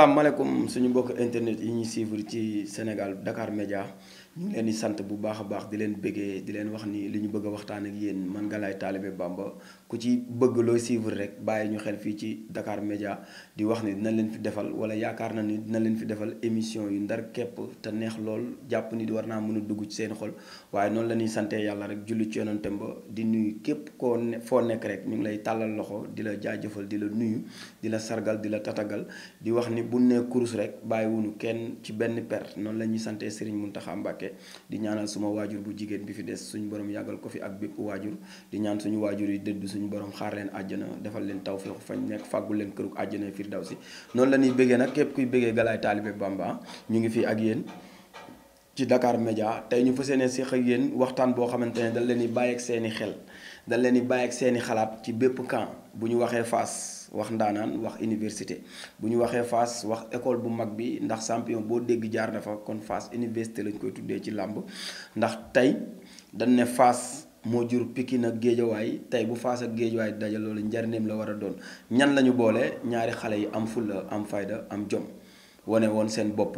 asalaamaaleykum suñu mbokk internet yi ñuy suivre ci Sénégal dakaar Média ñu leen sant bu baax a baax di leen bëggee di leen wax ni li ñu bëgg a waxtaan ak yéen man Galaye Talibé Bamba ku ci bëgg looy suivre rek bàyyi ñu xel fii ci dakaar Média di wax ni dina leen fi defal wala yaakaar na ni dina leen fi defal émission yu ndar képp te neex lool jàpp ni war naa mën a dugg ci seen xol waaye noonu la ñuy sante yàlla rek julli ci yonantam ba di nuyu képp koo ne foo nekk rek ñu lay tàllal loxo di la jaajëfal di la nuyu di la sargal di bu ne kurus rek bàyyiwuñu kenn ci benn per noonu la ñuy sante Serigne Mountakha Mbacké di ñaanal suma waajur bu jigéen bi fi des suñu borom yàggal ko fi ak bépp waajur di ñaan suñu waajur yi dëdd suñu borom xaar leen àjjana defal leen tawfeex fañ nekk fàggul leen këruk àjjana si noonu la ñuy bëggee nag képp kuy bëggee Galaye Talibé Bamba ñu ngi fi ak yéen ci Dakar Média tey ñu fa yéene si xëy yéen waxtaan boo xamante ne dañ leen di bàyyi seeni xel dañ leen di bàyyi ak seeni xalaat ci bépp camp bu ñu waxee faas wax ndaanaan wax université bu ñu waxee faas wax école bu mag bi ndax sampion boo dégg jaar na fa kon Fass université lañ koy tuddee ci làmb ndax tey dañ ne Fass moo jur Pikine ak géejawaay tey bu Fass ak géejawaay daje loolu njariñam la war a doon ñan lañu boole ñaari xale yi am fulla am fayda am jom wane woon seen bopp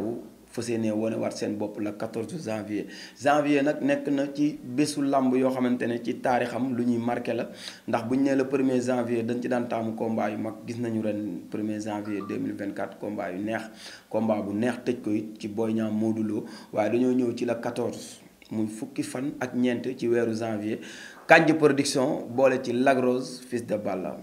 fas yéene wane waat seen bopp la 14 janvier janvier nag nekk na ci bésu làmb yoo xamante ne ci taarixam lu ñuy marqué la ndax bu ñu nee le premier janvier dañ ci daan taamu combat yu mag gis nañu ren premier janvier 2024 combat yu neex combat bu neex tëj ko it ci Boy Niang Modou Lo waaye dañoo ñëw ci la 14 muy fukki fan ak ñeent ci weeru janvier Kandji Production boole ci lagros Rose de Balla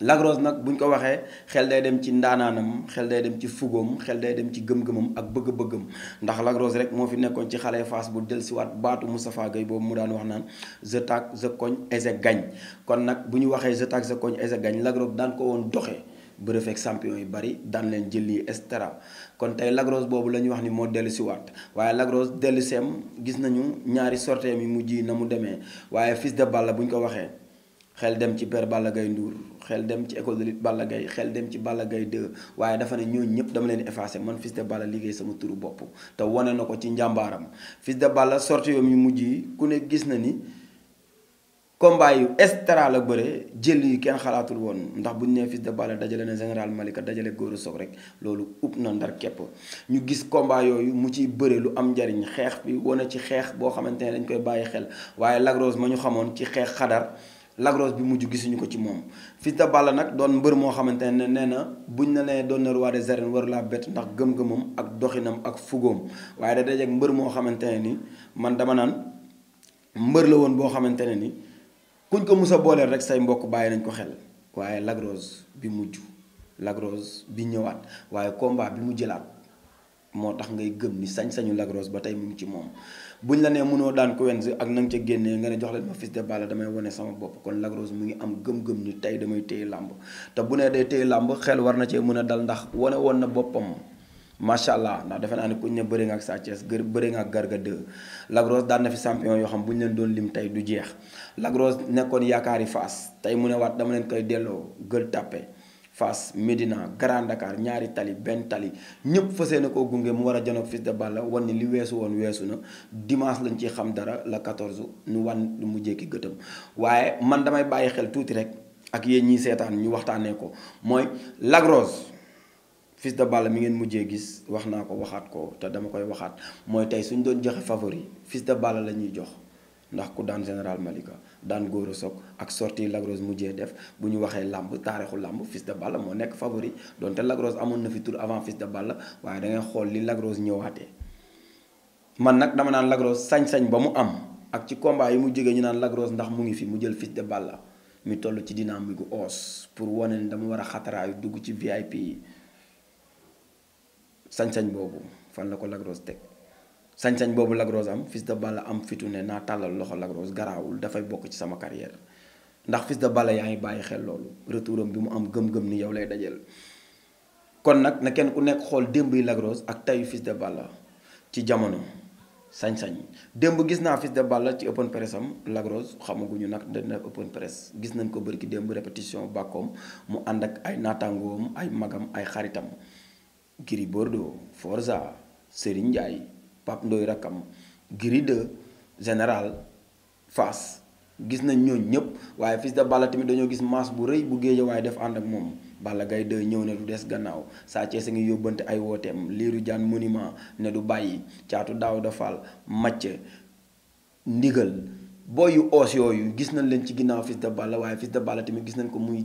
lagros nag bu ñu ko waxee xel day dem ci ndaanaanam xel day dem ci fugoom xel day dem ci gëm-gëmam ak bëgg-bëggam ndax lagros rek moo fi nekkoon ci xale fas bu siwaat baatu Moustapha gay boobu mu daan wax naan je tac je cogne et je kon nag bu ñu waxee je tac je cogne et je gagne daan ko woon doxee bëre fekk champion yu bari daan leen jëli et cetera kon tey Lac boobu la ñuy wax ni moo dellu siwaat waaye Lac Rose dellu seem gis nañu ñaari sorteem yi mujj na mu demee waaye fils de balle bu ñu ko waxee xel dem ci père Balla Gaye Ndour xel dem ci école de lutte Balla Gaye xel dem ci Balla Gaye waaye dafa ne ñooñu ñëpp dama leen effacé man Fils de liggéey sama turu bopp te wane na ko ci njàmbaaram Fils de Balla sorti yoom yu mujj yi ku ne gis na ni combat yu extra la bëre jël yi kenn xalaatul woon ndax bu ñu nee Fils de Balla dajale na général Malika dajale góor soog rek loolu upp na ndar képp ñu gis combat yooyu mu ciy bëre lu am njariñ xeex bi wane ci xeex boo xamante ne dañ koy bàyyi xel waaye Lac ma ñu xamoon ci xeex xadar lagros bi mujj gisuñu ko ci moom Fils de nag doon mbër moo xamante ne nee na bu buñ na leen doon na roi des arènes waru laa bett ndax gëm-gëmam ak doxinam ak fugoom waaye da dajeeg mbër moo xamante ne ni man dama naan mbër la woon boo xamante ne ni kuñ ko musa a booleel rek say mbokk bàyyi nañ ko xel waaye lagros bi mujj lagros bi ñëwaat waaye combat bi mu jëlaat. moo tax ngay gëm ni sañ-sañu lagros ba tey mu ngi ci moom bu ñu la nee mënoo daan Quench ak na nga ca génnee nga ne jox leen ma fils de damay wone sama bopp kon Lac Rose mu ngi am gëm-gëm ni tey damay téye làmb te bu nee day téye làmb xel war na cee mën a dal ndax wane woon na boppam macha allah ndax defe naa ne kuñ ne bëri nga ak Sa gër bëri nga ak Garga 2 daan na fi champion yoo xam bu ñu leen doon lim tey du jeex lagros Rose nekkoon yaakaari fas tey mu ne waat dama leen koy delloo gël tàppe Fass Médina Grand Dakar ñaari tali benn tali ñëpp fas yéene koo gunge mu war a janoog Fils de Balla wan ni li weesu woon weesu na dimaas lañ ci xam dara la 14 ñu wan lu mu jékki gëtëm waaye man damay bàyyi xel tuuti rek ak yéen ñiy seetaan ñu waxtaanee ko mooy lagros Rose de Balla mi ngeen mujjee gis wax naa ko waxaat ko te dama koy waxaat mooy tey suñ doon joxe favori Fils de Balla la ñuy jox. ndax ku daan général Malika daan Goro Sock ak sorti Lagros mu mujjee def bu ñu waxee làmb taarixu làmb Fils de Balla moo nekk favori donte Lagros amoon na fi tour avant Fils de Balla waaye da ngay xool li Lagros ñëwaatee. man nag dama daan Lagros sañ-sañ ba mu am ak ci combat yi mu jógee ñu naan Lagros ndax mu ngi fi mu jël Fils de Balla mi toll ci dynamique gu os pour wane ni dama war a xataraayu dugg ci VIP yi sañ-sañ boobu fan la ko Lagros teg. sañ boobu Lac Rose am Fils de Balla am fitu ne naa tàllal loxo Lac Rose garaawul dafay bokk ci sama carrière ndax Fils de Balla yaa ngi bàyyi xel loolu retouram bi mu am gëm-gëm ni yow lay dajal kon nag na kenn ku nekk xool démb yi lagros ak tayu Fils de Balla ci jamono sañ démb gis naa Fils de Balla ci open press am Lac xamaguñu nag dana open press gis nañ ko bërki démb répétition bàkkoom mu ànd ak ay naataangoom ay magam ay xaritam Gris Bordeaux Forza Serigne Ndiaye Pape Ndoye rakkam Gris 2 général gis nañ ñooñu ñëpp waaye Fils de Balla tamit dañoo gis masse bu rëy bu géej waaye def ànd ak moom Balla Gaye 2 ñëw ne du des gannaaw Sa Thiès a ngi yóbbante ay wooteem Lirou Diane monument ne du bàyyi caatu Daouda Fall Mathieu ndigal booy oos yooyu gis nañ leen ci ginnaaw Fils de Balla waaye Fils de Balla tamit gis nañ ko muy.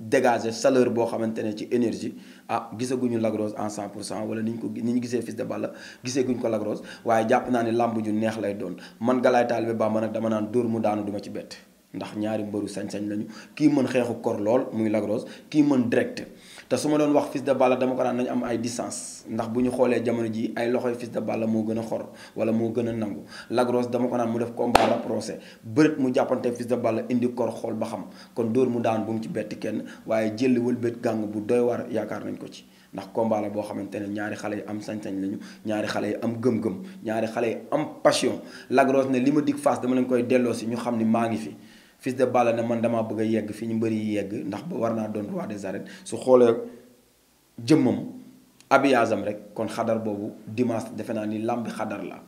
dégager chaleur boo xamante ne ci énergie ah gisaguñu Lac Rose en 100 pour cent wala ni ñu ko ni ñu gisee Fils de Balla giseeguñ ko lagros waaye jàpp naa ne làmb ju neex lay doon man Galaye baa Bamba nag dama naan dóor mu daanu duma ci bett ndax ñaari mbëru sañ-sañ lañu kii mën xeexu kor lool muy Lac Rose kii mën direct te su ma doon wax Fils de Balla dama ko daan nañu am ay distance ndax bu ñu xoolee jamono ji ay loxoy Fils de Balla moo gën a xor wala moo gën a nangu lagros dama ko naan mu def combat rapproché bërët mu jàppante Fils de Balla indi kor xool ba xam kon dóor mu daan bu mu ci betti kenn waaye jëlli wëlbët gàng bu doy war yaakaar nañ ko ci ndax combat boo xamante ne ñaari xale yi am sañ-sañ lañu ñaari xale yi am gëm-gëm ñaari xale yi am passion lagros Rose li ma dig Fass dama leen koy delloo si ñu xam ni maa ngi fi fils de Balla ne man damaa bëgg a yegg fi ñu mbëri yi yegg ndax ba war naa doon roi des arènes su xoolee jëmmam abiyaasam rek kon xadar boobu dimaas defe naa ni làmbi xadar la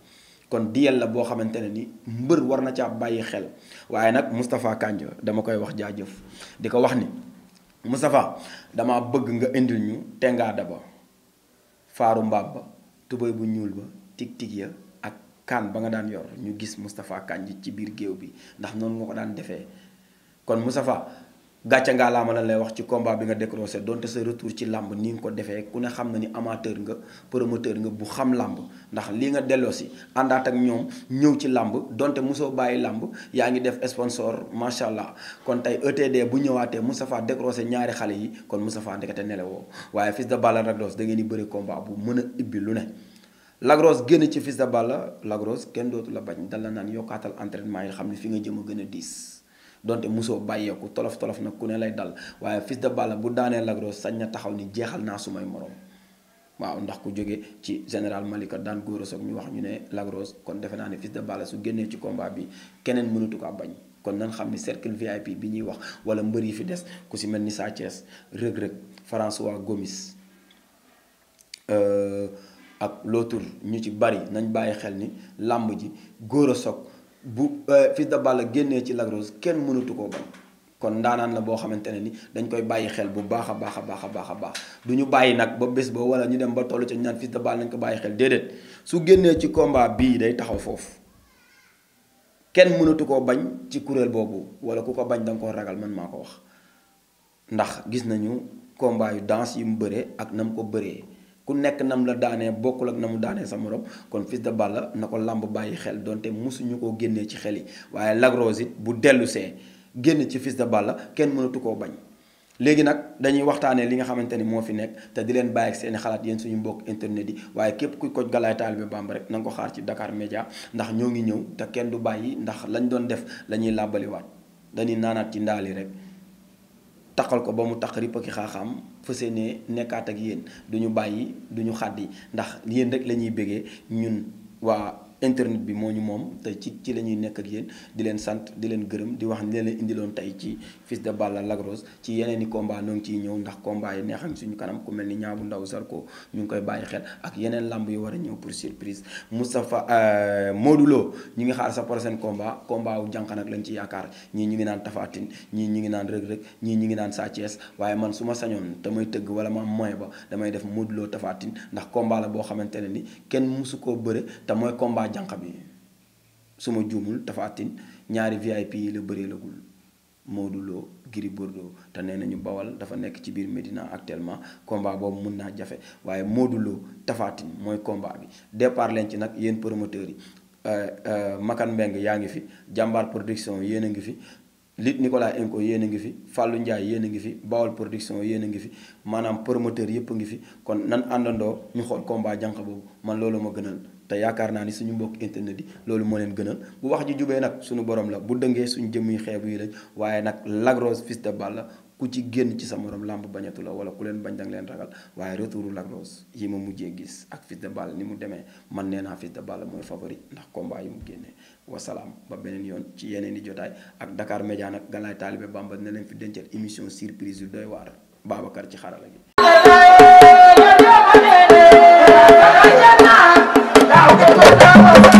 kon di la boo xamante ne ni mbër war na caa bàyyi xel waaye nag mustafa Kanja dama koy wax jaajëf di ko wax ni Moustapha dama bëgg nga indil ñu tengaada ba faaru mbaab ba tubéy bu ñuul ba tig tig ya kaan ba nga daan yor ñu gis Moustapha kànj ci biir géew bi ndax noonu nga ko daan defee kon Moustapha gàcce ngaa laa la lay wax ci combat bi nga décroché donte sa retour ci làmb ni nga ko defee ku ne xam na ni amateur nga promoteur nga bu xam làmb ndax lii nga delloo si àndaat ak ñoom ñëw ci làmb donte mosoo bàyyi làmb yaa ngi def esponsor macha allah kon tey ETD bu ñëwaatee Moustapha décroché ñaari xale yi kon Moustapha ndekete nelewoo waaye Fils de Balla Lac Rose da ngeen di bëri combat bu mën a ibbi lu ne. Lagros génn ci Fils de Balla Lagros kenn dootu la bañ dal la naan yokkaatal entraînement yi xam ne fi nga jëm a gën a diis donte mosoo bàyyeeku tolof tolof nag ku ne lay dal waaye Fils de Balla bu daanee Lagros sañ na taxaw ni jeexal naa su may moroom waaw ndax ku jóge ci général Malika daan góor soog ñu wax ñu ne Lagros kon defe naa ne Fils de Balla su génnee ci combat bi keneen mënatu ko bañ kon nan xam ni cercle VIP bi ñuy wax wala mbër yi fi des ku si mel ni Sa Thiès Reug Reug François Gomis. Euh, ak l'autre ñu ci bari nañ bàyyi xel ni làmb ji góor a soog bu euh, Fils de Balla génnee ci lagros kenn mënatu koo bañ kon ndaanaan la boo xamante ne ni dañ koy bàyyi xel bu baax a baax a baax a baax a baax du ñu bàyyi nag ba bés boo wala ñu dem ba tollu ca ñaan Fils de nañ ko bàyyi xel déedéet su génnee ci kombaa bii day taxaw foofu kenn mënatu koo bañ ci kuréel boobu wala ku ko bañ dañ koo ragal man maa ko wax ndax gis nañu combat yu danse yi mu bëree ak na mu ko bëree. ku nekk nam la daanee bokkul ak na mu daanee sa morom kon Fils de Balla na ko làmb bàyyi xel donte mosuñu koo génnee ci xel yi waaye Lac Rose it bu dellusee génn ci Fils de Balla kenn mënatu koo bañ. léegi nag dañuy waxtaanee li nga xamante ni moo fi nekk te di leen bàyyi ak seen xalaat yéen suñu mbokk internet yi waaye képp ku ko galaay taalibe Bamba rek na ko xaar ci dakaar Média ndax ñoo ngi ñëw te kenn du bàyyi ndax lañu doon def la ñuy làbbaliwaat dañuy naanaat ci ndaali rek. taxal ko ba mu tax ripp ki xaaxaam fas yéene nekkaat ak yéen du ñu bàyyi du ñu xàddi ndax yéen rek lañuy bëggee bégee ñun waa. internet bi moo ñu moom te ci ci la ñuy nekk ak yéen di leen sant di leen gërëm di wax ni leen indiloon tey ci Fils de Balla la Rose ci yeneen i combat noo ngi ciy ñëw ndax combat yi neexam suñu kanam ku mel ni ñaabu ndaw Zarko ñu ngi koy bàyyi xel ak yeneen lamb yu war a ñëw pour surprise Moustapha euh, Modou Lo ñu ngi xaar sa prochain combat combat wu jànq nag lañ ci yaakaar ñii ñu ngi naan Tapha Tine ñii ñu ngi naan Reug Reug ñii ñu ngi naan Sa waaye man su ma sañoon te tëgg wala ma am ba damay def Modou Lo Tapha Tine ndax la boo xamante ne ni kenn koo bëre jànq bi su ma juumul dafa attin ñaari VIP yi la bëree lagul Modou Lo Gris Bordeaux te nee nañu bawal dafa nekk ci biir Medina actuellement combat boobu mun naa jafe waaye Modou Lo tafaatin mooy combat bi départ leen ci nag yéen promoteurs yi euh, euh, Makan Mbeng yaa ngi fi jàmbaar production yéen a ngi fi Lit Nicolas Enko yéen a ngi fi Fallou Ndiaye yéen a ngi fi Bawal production yéen a ngi fi maanaam promoteur yëpp a ngi fi kon nan àndandoo ñu xool combat jànq boobu man loolu ma gënal te yaakaar naa ni suñu mbokk internet yi loolu moo leen gënal bu wax ji jubee nag suñu borom la bu dëngee suñu jëmm yu xeebu yi lañ waaye nag Lac Rose Fils de Balla ku ci génn ci sa morom làmb bañatu la wala ku leen bañ danga leen ragal waaye retouru Lac Rose yi ma mujjee gis ak Fils de ni mu demee man nee naa Fils de Balla mooy favori ndax combat yi mu génnee wasalaam ba beneen yoon ci yeneen i jotaay ak dakaar Média nag Galaye Talibé Bamba ne leen fi dencal émission surprise yu doy waar Babacar ci xarala Thank you.